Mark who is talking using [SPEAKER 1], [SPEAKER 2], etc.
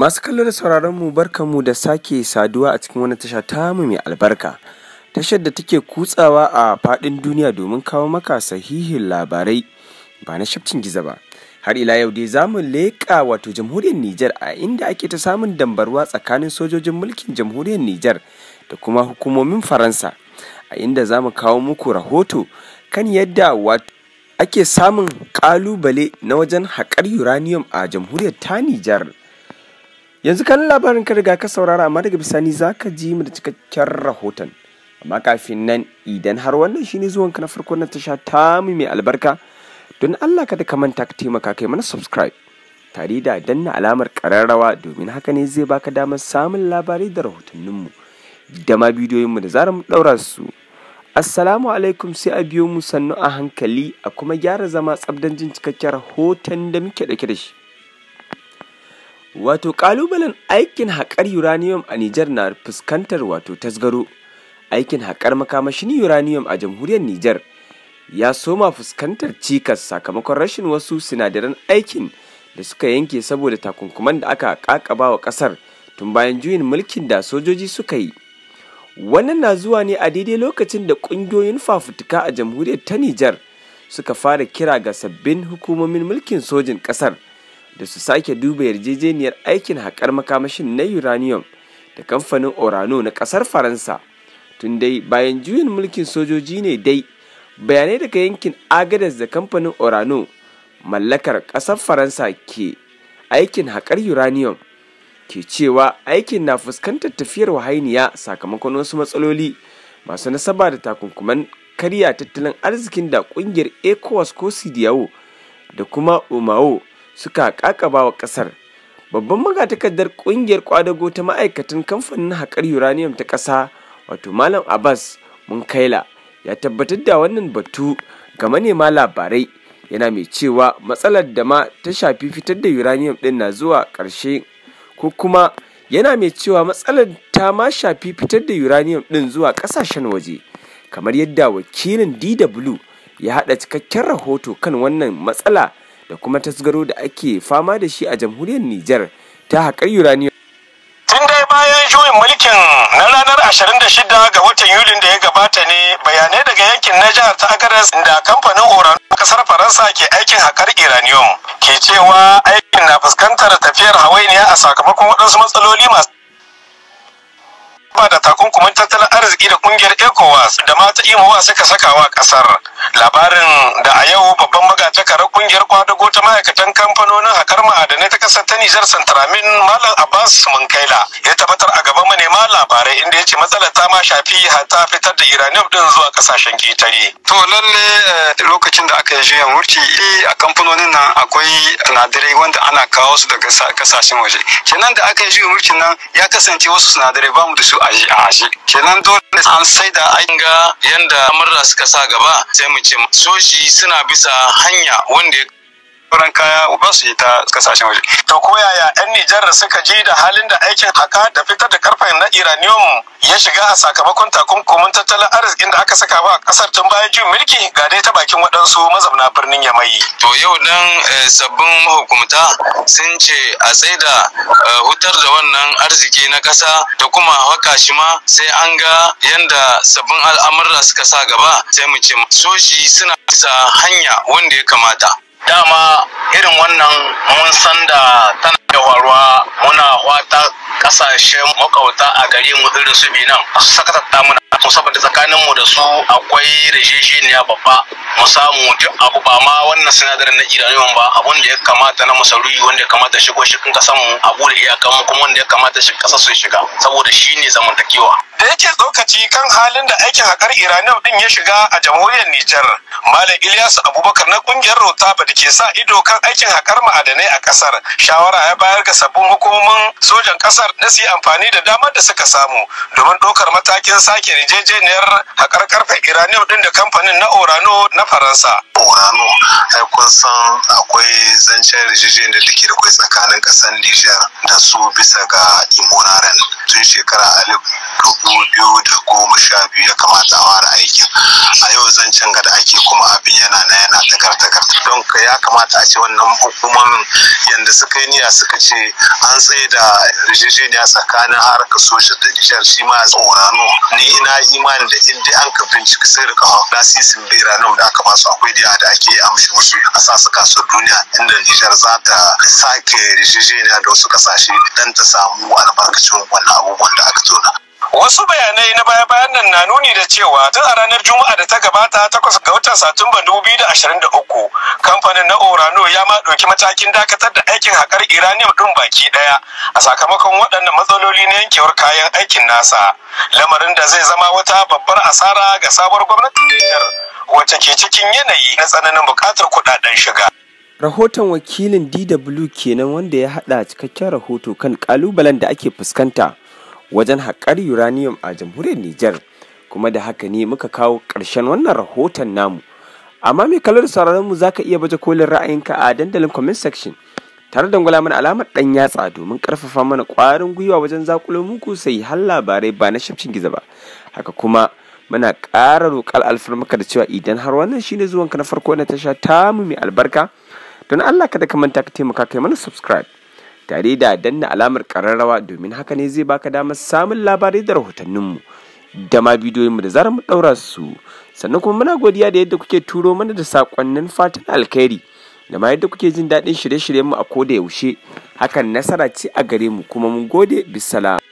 [SPEAKER 1] Masu kallo da sauraron mu barkanmu da sake saduwa a cikin wani tasha tamu mai albarka. Tashar da take kutsawa a fadin duniya domin kawo maka sahihin labarai ba na shafcin giza ba. Har ila yau dai za mu leƙa wato jamhuriyar Nijar a inda ake ta samun dambarwa tsakanin sojojin mulkin jamhuriyar Nijar da kuma hukumomin Faransa. A inda za mu kawo muku rahoto kan yadda wato ake samun ƙalubale na wajen haƙar uranium a jamhuriyar ta Nijar. yanzu kan labarin ka riga ka saurara amma daga bisani za ka ji mu da cikakken rahoton amma kafin nan idan har wannan shine zuwan ka na farko na tasha ta mu mai albarka don Allah kada ka manta ka taimaka kai mana subscribe tare da danna alamar kararrawa domin haka ne zai baka damar samun labarai da rahotannin mu da ma mu da zarar mu daura su Assalamu alaikum sai a biyo mu sannu a hankali a kuma gyara zama tsabdan jin cikakken rahoton da muke dauke da shi. Wato ƙalubalen aikin haƙar uranium a Nijar na fuskantar wato tasgaro. Aikin haƙar makamashin uranium a jamhuriyar Nijar ya soma fuskantar cikas sakamakon rashin wasu sinadaran aikin da suka yanke saboda takunkuman da aka kakaba wa ƙasar tun bayan juyin mulkin da sojoji suka yi. Wannan na zuwa ne a daidai lokacin da ƙungiyoyin fafutuka a jamhuriyar ta Nijar suka fara kira ga sabbin hukumomin mulkin sojin ƙasar. da su sake duba yarjejeniyar aikin haƙar makamashin na uranium da kamfanin orano na ƙasar faransa tun dai bayan juyin mulkin sojoji ne dai bayanai daga yankin agadas da kamfanin orano mallakar ƙasar faransa ke aikin haƙar uranium ke cewa aikin na fuskantar tafiyar wahainiya sakamakon wasu matsaloli masu nasaba da takunkuman karya tattalin arzikin da ƙungiyar ecowas ko cdao da kuma umao suka kakaba wa ƙasar babban magatakardar ƙungiyar kwadago ta ma'aikatan kamfanin haƙar uranium ta ƙasa wato malam abbas mun kaila. ya tabbatar da wannan batu ga manema labarai yana mai cewa matsalar da ma ta shafi fitar da uranium ɗin na zuwa ƙarshe ko kuma yana mai cewa matsalar ta ma shafi fitar da uranium ɗin zuwa ƙasashen waje kamar yadda wakilin dw ya haɗa cikakken rahoto kan wannan matsala da kuma tasgaro da ake fama da shi a jamhuriyar Nijar ta haƙar uranium.
[SPEAKER 2] Tun dai bayan juyin mulkin na ranar 26 ga watan Yulin da ya gabata ne bayanai daga yankin na ta Agadas da kamfanin Oran kasar Faransa ke aikin haƙar uranium ke cewa aikin na fuskantar tafiyar hawainiya a sakamakon waɗansu matsaloli masu ba da takunkumin tattalin arziki da kungiyar ecowas da mata ta imowa suka saka wa kasar labarin da a yau babban magatakarar kungiyar kwadago ta ma'aikatan kamfanonin hakar ma'adanai ta kasar ta nijar santramin malam abbas munkaila ya tabbatar a gaban manema labarai inda ya ce matsalar ta ma shafi ta fitar da uranium din zuwa kasashen ketare. to lalle eh, lokacin da aka yi juyin mulki eh, a kamfanonin nan akwai sinadarai wanda ana kawo su daga kasashen waje kenan da aka yi juyin wurcin nan ya kasance wasu sinadarai ba mu da su a kenan dole an sai da an ga yanda amurra suka sa gaba sai mu ce soshi suna bisa hanya wanda ya sauran kaya ba su ta kasashen waje to ko yaya yan Nijar suka ji da halin da aikin haka da fitar da karfen na uranium ya shiga a sakamakon takunkumin tattalin arzikin da aka saka ba kasar tun bayan juyin mulki ga dai ta bakin waɗansu mazauna birnin Yamai to yau dan eh, sabbin mahukumta sun ce a tsaida eh, hutar da wannan arziki na kasa da kuma haka shi ma sai an ga yanda sabbin al'amura suka sa gaba sai mu ce soshi suna bisa hanya wanda ya kamata dama irin wannan mun san da tana da faruwa muna wata kasashen makauta a gari mu irin su bi nan. su sakatatta muna saboda tsakanin mu da su akwai rishishiniya babba mu samu duk abu ba ma wannan sinadarin na iranium ba abun da ya kamata na masarufi wanda ya kamata shigo shi kan kasan mu abu da iyakan mu kuma wanda ya kamata shi kasa sun shiga saboda shine zamantakewa yake lokaci kan halin da aikin haƙar iranium din ya shiga a jamhuriyar nijar malam ilyas abubakar na ƙungiyar rotaba da ke sa ido kan aikin haƙar ma'adanai a ƙasar shawara ya bayar ga sabbin hukumomin sojan ƙasar na su yi amfani da damar da suka samu domin ɗaukar matakin sake rijejeniyar haƙar karfe iranium din da kamfanin na orano na faransa orano ai kun san akwai zancen yarjejeniyar da ke da kai tsakanin ƙasar nijar da su bisa ga imuraren tun shekara alif dubu biyu da goma sha biyu ya kamata a fara aikin a yau zancen ga da ake kuma abin yana na yana takartakar don ka ya kamata a ce wannan hukumomin yadda suka yi niyya suka ce an tsaye da yarjejeniya tsakanin harkar soja da nijar shi ma tsorano ni ina imani da inda an ka bincika sai da kawo lasisin beranin da aka basu akwai diya da ake amshi musu a sa su kasuwar duniya inda nijar za ta sake yarjejeniya da wasu kasashe don ta samu albarkacin wannan abubuwan da aka tona. Wasu bayanai na baya-bayan nan na nuni da cewa tun a ranar Juma'a da ta gabata takwas ga watan Satumba 2023 kamfanin na Orano ya ma ɗauki matakin dakatar da aikin haƙar Iranium ɗin baki ɗaya a sakamakon waɗannan matsaloli na yankewar kayan aikin nasa. Lamarin da zai zama wata babbar asara ga sabuwar gwamnatin Nijar wacce ke cikin yanayi na tsananin buƙatar
[SPEAKER 1] kuɗaɗen shiga. Rahoton wakilin DW kenan wanda ya haɗa cikakken rahoto kan ƙalubalen da ake fuskanta. wajen haƙar uranium a jamhuriyar Nijar kuma da haka ne muka kawo ƙarshen wannan rahoton namu amma mai kalar sauraron mu zaka iya baje kolin ra'ayinka a dandalin comment section tare da gwala mana alamar ɗan yatsa domin karfafa mana ƙwarin gwiwa wajen zakulo muku sai har labarai ba na shafcin giza ba haka kuma muna ƙara roƙar alfarmaka da cewa idan har wannan shine zuwanka na farko na tasha tamu mai albarka don Allah kada ka manta ka taimaka kai mana subscribe tare da danna alamar kararrawa domin haka ne zai baka damar samun labarai da rahotanninmu da ma bidiyoyinmu da zarar mu ɗaura su sannan kuma muna godiya da yadda kuke turo mana da saƙonnin fatan alkhairi da ma yadda kuke jin daɗin shirye-shiryenmu a koda yaushe hakan nasara ce a gare mu kuma mun gode bisala